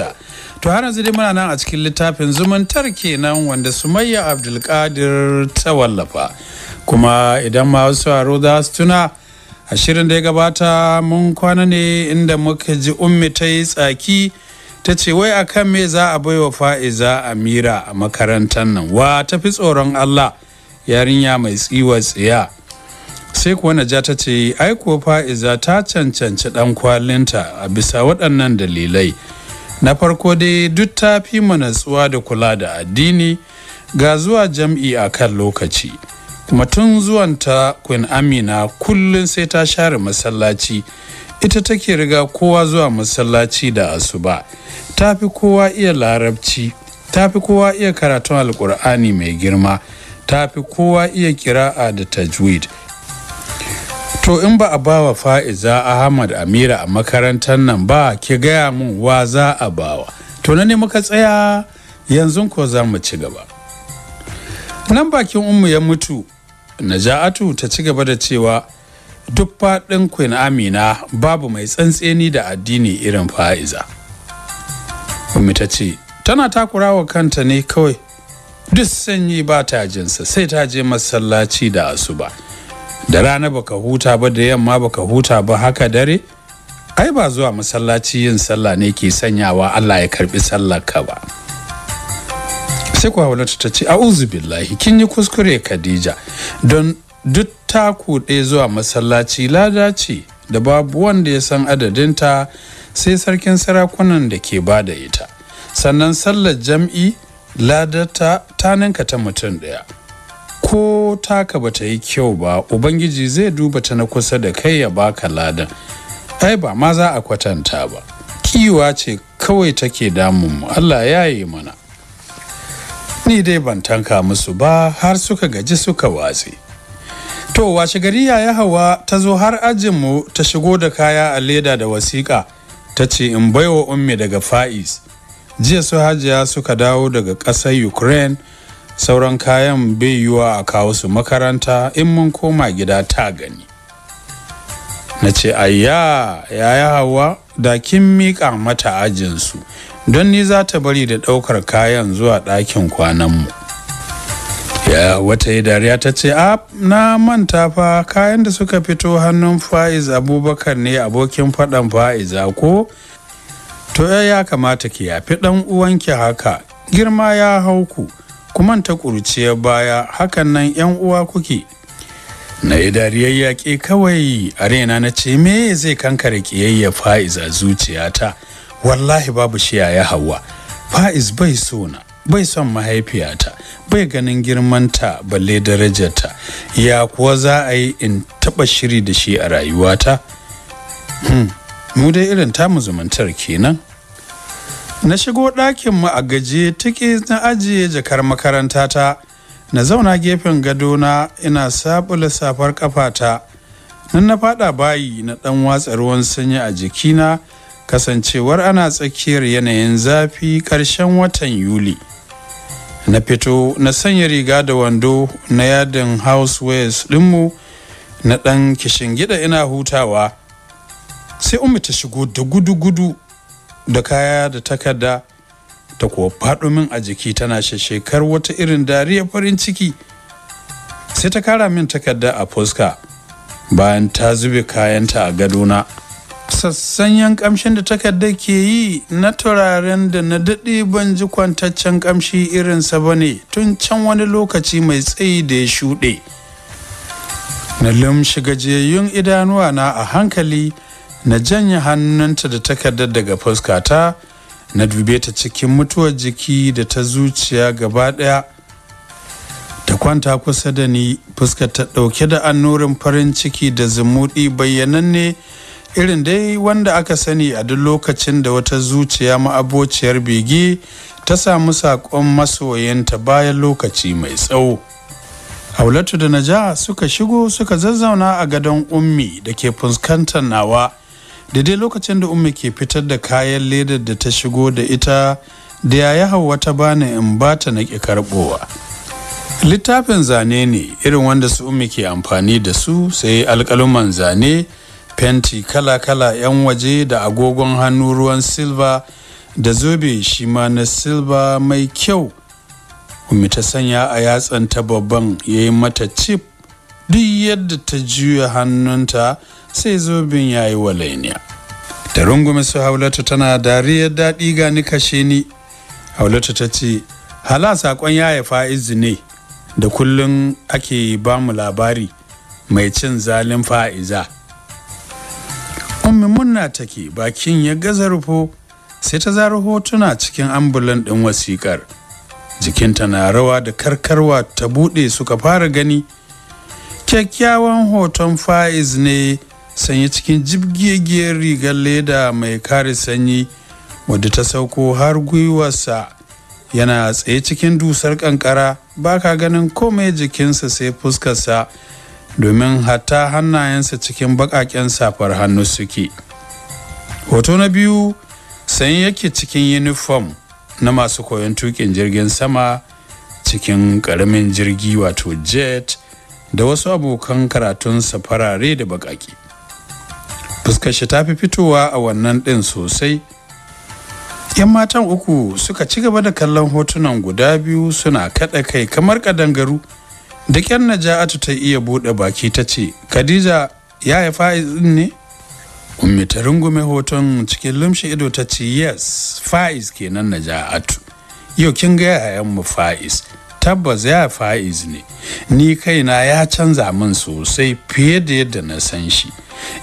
ta to har yanzu dai muna nan a cikin littafin zumuntar kenan wanda sumayya abdulkadir ta wallafa kuma idan masu aro za su tuna a shirin da ya gabata mun kwana ne inda muka ji ummi ta yi tsaki ta ce wai akan me za a baiwa fa'iza amira a makarantar nan wa tafi tsoron allah yarinya mai tsiwa tsiya sai kuwa naja ta ce ai fa'iza ta cancanci dan kwalinta a bisa waɗannan dalilai na farko dai duk ta fi natsuwa da kula da addini ga zuwa jam'i a kan lokaci mutum tun zuwanta queen amina kullum sai ta share masallaci ita take riga kowa zuwa masallaci da asuba ta fi kowa iya larabci ta fi kowa iya karatun alkur'ani mai girma ta fi kowa iya kira'a da tajwid to in ba a ba wa fa'iza ahmad amira a makarantar nan ba ki gaya mun wa za a bawa to na ne muka tsaya yanzu ko za mu ci gaba nan bakin ummu ya mutu naja'atu ta ci gaba da cewa duk faɗin queen amina babu mai tsantseni da addini irin fa'iza ummu ta ce tana takura wa kanta ne kawai duk sanyi ba ta jinsa sai ta je masallaci da asuba da rana baka huta ba da yamma baka huta ba haka dare ai ba zuwa masallaci yin sallah ne ke sanyawa Allah ya karbi sallar ka ba sai kuwa wani ta ce a'udhu billahi kin yi kuskure Khadija don duk taku ɗaya zuwa masallaci lada ce da babu wanda ya san adadin ta sai sarkin sarakunan da ke bada ita sannan sallar jam'i ladata ta ninka ta mutum ɗaya ko taka bata yi kyau ba ubangiji zai duba ta na kusa da kai ya baka ladan ai ba ma za a kwatanta ba kiwa ce kawai take damun mu. Allah ya yi mana ni dai ban tanka musu ba har suka gaji suka watse to washe gari yaya hawa ta zo har ajinmu ta shigo da kaya a leda da wasiƙa ta ce in baiwa ummi daga fa'is jiya su hajiya suka dawo daga ƙasar ukraine sauran kayan bai yiwa a kawo su makaranta in mun koma gida ta gani na ce ayya yaya hawa da kin miƙa mata ajinsu don ni za ta bari da ɗaukar kayan zuwa ɗakin kwananmu ya wata yi dariya ta ce a na manta fa kayan da suka fito hannun fa'iz abubakar ne abokin faɗan fa'iza ko to eh, ya kamata ki yafi ɗan uwanki haka girma ya hauku kuma ta ƙuruciya baya hakan nan yan uwa kuke na idariyar yaƙi kawai a raina na ce me zai kankare ƙiyayya fa'iz a zuciyata wallahi babu shi ya hawa fa'iz bai so na bai son mahaifiyata bai ganin girmanta balle darajarta ya kuwa za a yi in taɓa shiri da shi a rayuwata hmm, mu dai irin ta mu zumuntar kenan na shigo ɗakin mu a gaje take na ajiye jakar makaranta ta na zauna gefen gadona ina sabula safar kafata nan na fada bayi na dan watsa ruwan sanyi a jikina kasancewar ana tsakiyar yanayin zafi ƙarshen watan yuli na fito na sanya riga da wando na yadin housewares ɗinmu na ɗan kishin gida ina hutawa sai umu ta shigo da gudu-gudu da kaya da takarda ta kuwa faɗo min a jiki tana shekar wata irin dariya farin ciki sai ta kara min takarda a fuska bayan ta zube kayanta a gadona sassanyen kamshin da takarda ke yi na turaren da na daɗe ban ji kwantaccen kamshi irinsa ba ne tun can wani lokaci mai tsayi da ya shuɗe na lumshi gajiyayyun idanuwa na a hankali na janye hannunta da takarda daga fuskata na dube ta cikin mutuwar jiki da ta zuciya gaba ɗaya ta kwanta kusa da ni fuskar ta ɗauke da annurin farin ciki da zumuɗi bayyananne irin dai wanda aka sani a duk lokacin da wata zuciya ma'abociyar bege ta samu saƙon masoyanta bayan lokaci mai tsawo haulatu da naja suka shigo suka zazzauna a gadon ummi da ke fuskantar nawa daidai lokacin da umma ke fitar da kayan ledar da ta shigo da ita da ya yi hau wata bani in ba ta na ƙi karɓowa littafin zane ne irin wanda su umma ke amfani da su sai alƙaluman zane fenti kala-kala 'yan waje da agogon hannu ruwan silba da zobe shi ma na silba mai kyau umma ta sanya a yatsan ta babban ya yi mata cif duk yadda ta juya hannunta sai zobin ya yi walainiya da rungume su haulatu tana dariyar daɗi ga ni kashe ni haulatu ta ce hala saƙon yaya fa'iz ne da kullum ake ba mu labari mai cin zalin fa'iza ummi munna take bakin ya gaza rufo sai ta zaro hotuna cikin ambulan ɗin wasiƙar jikinta na rawa da karkarwa ta buɗe suka fara gani kyakkyawan hoton fa'iz ne sanye cikin jibgiyar rigar leda mai kare sanyi wadda ta sauko har gwiwarsa yana tsaye cikin dusar kankara ba ka ganin komai jikinsa sai fuskarsa domin hatta hannayensa cikin bakaken safar hannu suke hoto na biyu sanyi yake cikin uniform na masu koyon tukin jirgin sama cikin karamin jirgi wato jet da wasu abokan karatun safarare da bakaki fuskar shi ta fi fitowa a wannan ɗin sosai yan matan uku suka ci gaba da kallon hotunan guda biyu suna kaɗa kai kamar ƙadangaru da ƙyar naja'atu ta iya buɗe baki ta ce khadija ya yi fa'iz ɗin ne ummi ta rungume hoton cikin lumshi ido ta ce yes fa'iz kenan naja'atu yau kin ga yayan mu fa'iz tabbas ya fa'iz ne ni kaina ya canza min sosai fiye da yadda na san shi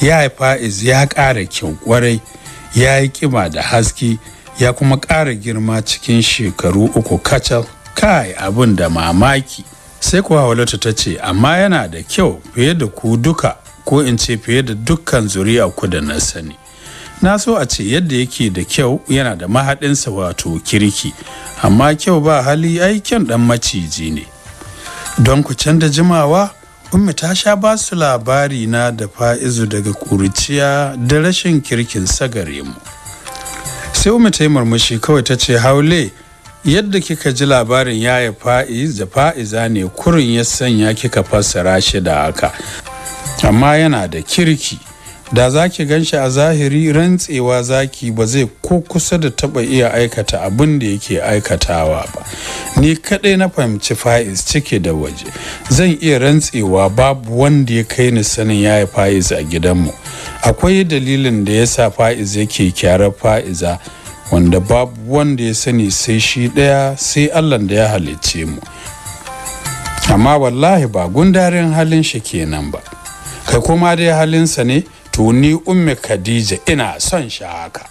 ya yi fa'iz ya ƙara kyau kwarai ya yi kima da haske ya kuma ƙara girma cikin shekaru uku kacal kai abin da mamaki sai kuwa walata ta ce amma yana da kyau fiye da ku duka ko in ce fiye da dukkan zuri'a ku da na sani na so a ce yadda yake da kyau yana da mahaɗinsa wato kirki amma kyau ba hali aikin dan maciji ne don ku canza jimawa ummi ta sha ba su labari na da fa'izu daga ƙuruciya da rashin kirkin sagare mu sai ummi ta yi murmushi kawai ta ce haule yadda kika ji labarin yaya fa'iz da fa'iza ne kurin ya sanya kika fasara shi da haka amma yana da kirki da za ki gan shi a zahiri rantsewa zaki ba zai ko kusa da taba iya aikata abin da yake aikatawa ba ni kadai na fahimci fa'iz cike da waje zan iya rantsewa babu wanda ya kai ni sanin ya yi fa'iz a gidanmu akwai dalilin da ya sa fa'iz yake kyarar fa'iza wanda babu wanda ya sani sai shi ɗaya sai allah da ya halicce mu amma wallahi ba gundarin halin shi kenan ba kai kuma dai halinsa ne to ni umme khadija ina son shi haka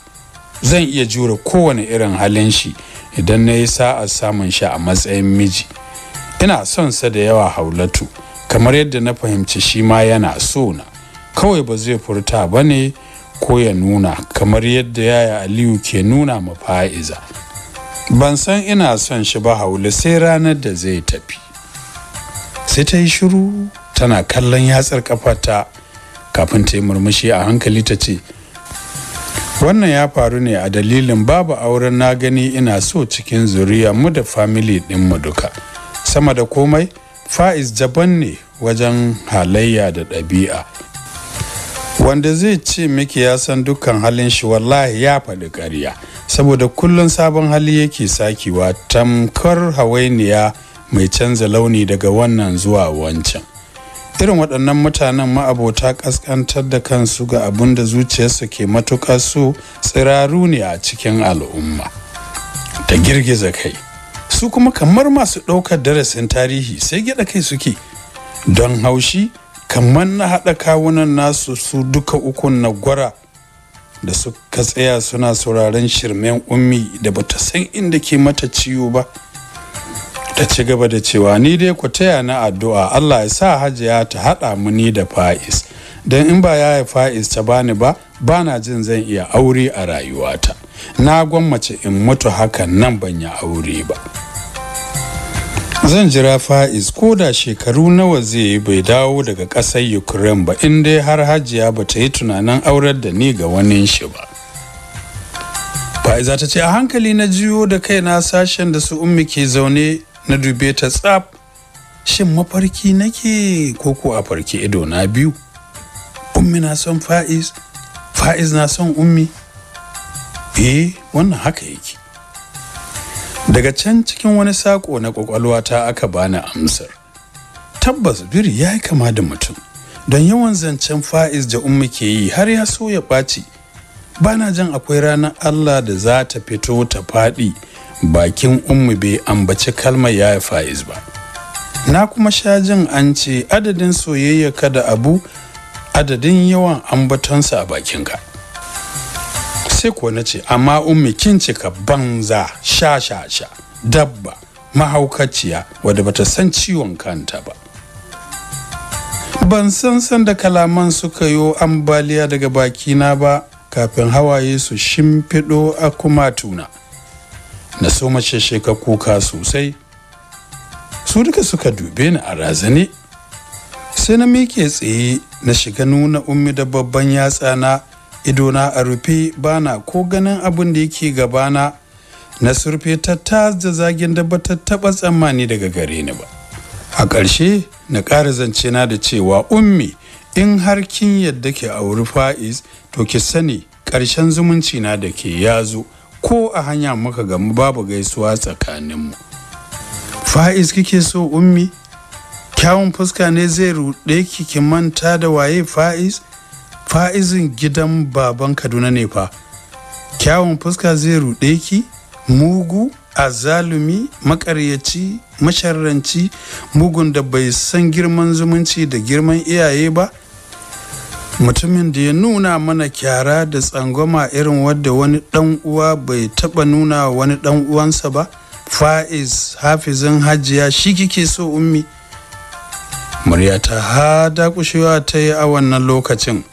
zan iya jure kowane irin halin shi idan na yi sa'a samun shi a matsayin miji ina son sa da yawa haulatu kamar yadda na fahimci shi ma yana so na kawai ba zai furta ba ne ko ya nuna kamar yadda yaya aliyu ke nuna ma fa'iza ban san ina son shi ba haula sai ranar da zai tafi sai ta yi shiru tana kallon yatsar kafata kafin ta yi murmushi a hankali ta ce wannan ya faru ne a dalilin babu auren na gani ina so cikin zuriya mu da famili mu duka sama da komai fa'iz jaban ne wajen halayya da ɗabi'a wanda zai ce miki ya san dukkan halin shi wallahi ya faɗi ƙarya saboda kullum sabon hali yake sakewa tamkar hawainiya mai canza launi daga wannan zuwa wancan irin waɗannan mutanen ma'abota ƙasƙantar da kansu ga abin da zuciyarsu ke matuƙar su tsiraru ne a cikin al'umma ta girgiza kai su kuma kamar masu ɗaukar darasin tarihi sai gyaɗa kai suke don haushi kamar na haɗa kawunan nasu su duka ukun na gwara da suka tsaya suna sauraron shirmen ummi da bata san inda ke mata ciwo ba ta ci gaba da cewa ni dai ku taya na addu'a Allah ya sa hajiya ta haɗa muni da fa'is don in ba ya fa'is ta bani ba ba na jin zan iya aure a rayuwata na gwammace in mutu hakan nan ban yi aure ba zan jira fa'is ko da shekaru nawa zai bai dawo daga ƙasar ukraine ba in dai har hajiya ba ta yi tunanin aurar da ni ga wani shi ba fa'iza ta ce a hankali na jiyo da kaina sashen da su ummi ke zaune na dube ta tsaf shin mafarki nake ko ko a farki ido na biyu ummi na son fa'iz fa'iz na son ummi eh wannan haka yake daga can cikin wani sako na ta aka bani amsar tabbas biri ya yi kama da mutum don yawan zancen fa'iz da ummi ke yi har ya so ya ɓaci bana jan akwai ranar allah da za ta fito ta faɗi bakin ummu bai ambaci kalmar yaya fa'iz ba na kuma sha jin an ce adadin soyayya kada abu adadin yawan ambatonsa a bakinka sai kuwa na ce amma ummi kin cika banza sha sha sha dabba mahaukaciya wadda bata san ciwon kanta ba ban san san da kalaman suka yo ambaliya daga bakina ba kafin hawaye su shimfiɗo a kuma tuna na so mace sheka kuka sosai su duka suka dube ni a razane sai na miƙe tsaye na shiga nuna ummi da babban yatsa na idona a rufe bana ko ganin abin da yake gabana na surfe ta ta zagin da ba ta taba tsammani daga gare ni ba a ƙarshe na ƙara zance na da cewa ummi in har kin yadda ke auri fa'iz to ki sani ƙarshen zumunci na da ke ya zo ko a hanya muka gamu babu gaisuwa tsakaninmu fa'iz kike so ummi kyawun fuska ne zai ruɗe ki ki manta da waye fa'iz fa'izin gidan baban kaduna ne fa kyawun fuska zai ruɗe ki mugu azalumi makaryaci masharranci mugun da bai san girman zumunci da girman iyaye ba mutumin da ya nuna mana kyara da tsangwama irin wadda wani ɗan uwa bai taɓa nuna wani ɗan uwansa ba fa'iz hafizin hajiya shi kike so ummi murya ta hada kushewa ta yi a wannan lokacin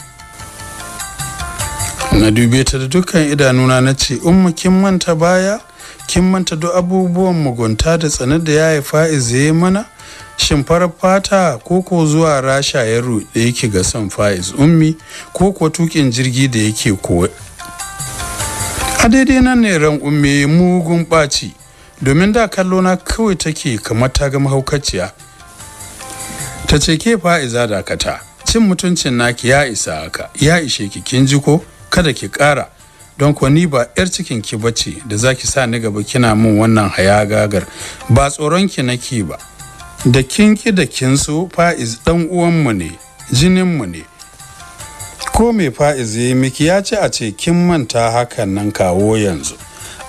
na dube ta da dukkan idanuna na ce umma kin manta baya kin manta duk abubuwan mugunta da tsanar da ya yi fa'iz ya yi mana shin farar fata ko ko zuwa rasha ya ruɗe yake ga son faiz ummi ko ko tukin jirgi da yake ko a daidai nan ne ran umme mugun ɓaci domin da kallo na kawai take kamar ta ga mahaukaciya ta ce ke fa'iza dakata cin mutuncin naki ya isa haka ya ishe ki kin ji ko kada ki ƙara don ko ni ba 'yar cikin ki bace da za ki sa ni gaba kina min wannan hayagagar ba tsoron ki nake ba da kin ki da kin so fa'iz dan uwanmu ne mu ne ko me fa'iz ya yi miki ya ce a ce kin manta hakan nan kawo yanzu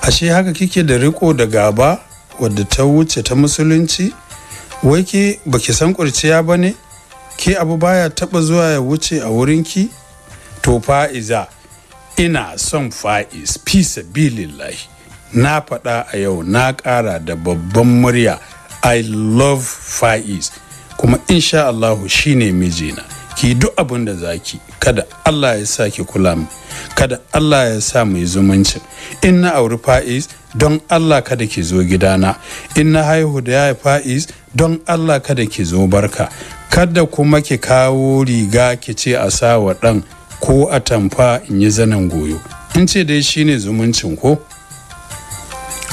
ashe haka kike da riko da gaba wadda ta wuce ta musulunci wai ki baki san kurciya bane? ne ke abu baya taba zuwa ya wuce a wurin ki? to fa'iza ina son fa'iz fi sabilillahi na faɗa a yau na ƙara da babban murya i love Fais kuma insha allahu ne mijina ki duk abin da zaki kada allah ya sa ki kula mu kada allah ya sa mu yi zumunci in na auri Fais don allah kada ki zo gidana in na haihu da yaya Fais don allah kada ki zo barka kada kuma ki kawo riga ki ce a sa wa ɗan ko a tamfa in yi zanen goyo in ce dai shine zumuncin ko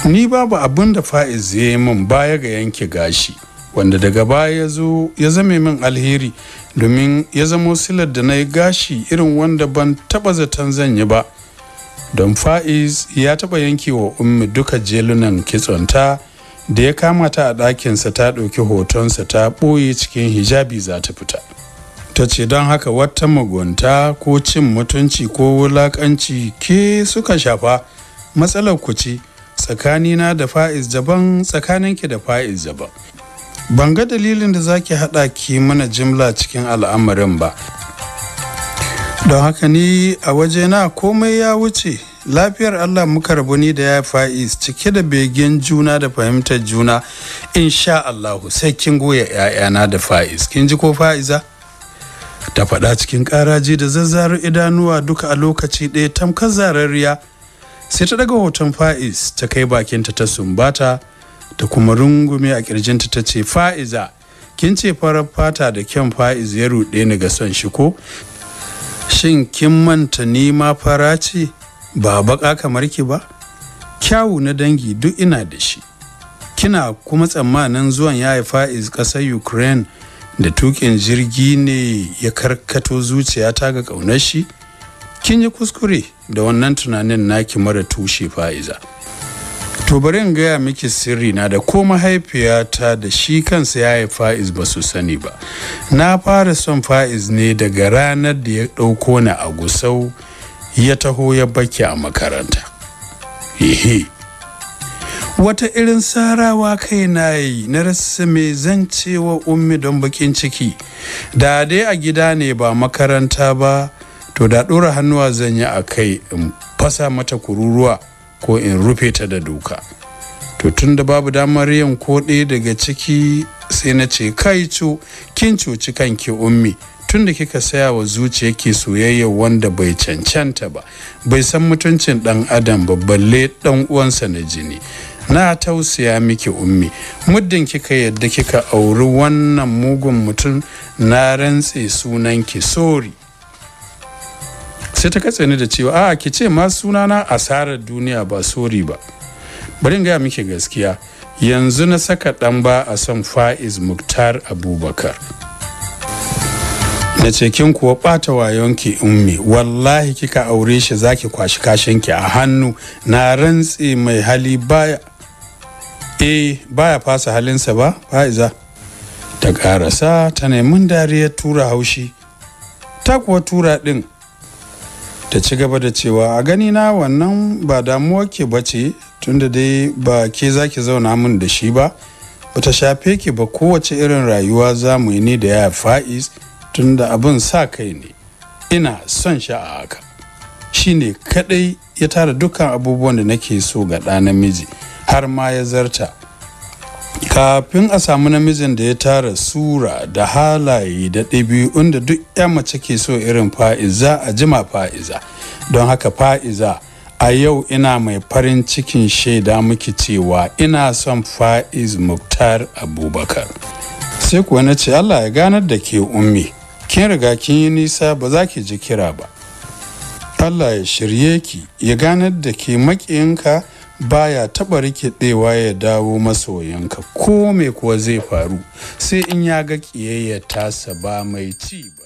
ni babu abin da fa'iz ya yi min baya ga yanke gashi wanda daga baya ya zo ya zame min alheri domin ya zamo silar da na yi gashi irin wanda ban taba zaton zan yi ba don fa'iz ya taba yanke wa ummi duka jelunan kitsonta da ya kamata a ɗakinsa ta ɗauki hotonsa ta ɓoye cikin hijabi za ta fita ta ce don haka wata mugunta ko cin mutunci ko wulaƙanci ke suka shafa matsalar ku ce tsakanina da fa'iz daban ki da fa'iz daban ban ga dalilin da zaki hada ki mana jimla cikin al'amarin ba don haka ni a wajena komai ya wuce lafiyar allah muka rabu ni da ya fa'iz cike da begen juna da fahimtar juna insha allahu sai kin goya 'ya'yana da fa'iz kin ji ko fa'iza ta faɗa cikin ƙaraji da zazzaru idanuwa duka a lokaci ɗaya tamkar zararriya. sai ta daga hoton fa'iz ta kai bakinta ta sumbata ta kuma rungume a kirjinta ta ce fa'iza kin ce farar fata da kyan fa'iz ya ruɗe ni ga son shi ko shin kin manta ni ma fara ce ba baka kamar ki ba kyawu na dangi duk ina da shi kina kuma tsammanin zuwan yayi fa'iz ƙasar ukraine da tukin jirgi ne ya karkato zuciyata ga ƙaunar shi kin yi kuskure da wannan tunanin naki mara tushe fa'iza to bari in gaya miki sirri na da ko mahaifiyata da shi kansa ya yi fa'iz ba su sani ba na fara son fa'iz ne daga ranar da ya ɗauko na a gusau ya taho ya baki a makaranta ehe wata irin sarawa kai na yi na rasa mai zancewa ummi don bakin ciki da dai a gida ne ba makaranta ba to da ɗora hannuwa zan yi a kai in fasa mata kururuwa ko in rufe ta da doka to tun da babu damar yin ko ɗaya daga ciki sai na ce kai co kin cuci kanki ummi tun da kika saya wa zuciyarki soyayya wanda bai cancanta ba bai san mutuncin ɗan adam ba balle ɗan uwansa na jini na tausaya miki ummi muddin kika yadda kika auri wannan mugun mutum na rantse sunanki sori sai ta katse ni da cewa a ki ce ma sunana asarar duniya ba sori ba bari in gaya miki gaskiya yanzu na saka dan ba a son fa'iz muktar abubakar na cikin kuwa bata wayonki ummi wallahi kika aure shi zaki kwashi ki a hannu na rantse mai hali baya eh baya fasa halinsa ba fa'iza ta karasa ta nemi dariyar tura haushi ta kuwa tura din ta ci gaba da cewa a gani na wannan ba damuwa ke bace tunda dai ba ke za ki zauna mun da shi ba ba ta shafe ki ba kowace irin rayuwa za mu yi ne da ya fa'is tunda abin sa kai ne ina son sha a haka shi ne kadai ya tara dukkan abubuwan da nake so ga ɗa namiji har ma ya zarta kafin a samu namijin da ya tara sura da halaye da ɗabi'un da duk 'ya mace ke so irin fa'iza a jima fa'iza don haka fa'iza a yau ina mai farin cikin shaida muke cewa ina son fa'iz muktar abubakar sai kuwa na ce allah ya ganar da ke ummi kin riga kin yi nisa ba za ki ji kira ba allah ya shirye ki ya ganar da ke maƙiyinka baya taba rike dewa ya dawo yanka ko me kuwa zai faru sai in ya ga ƙiyayya tasa ba mai ci ba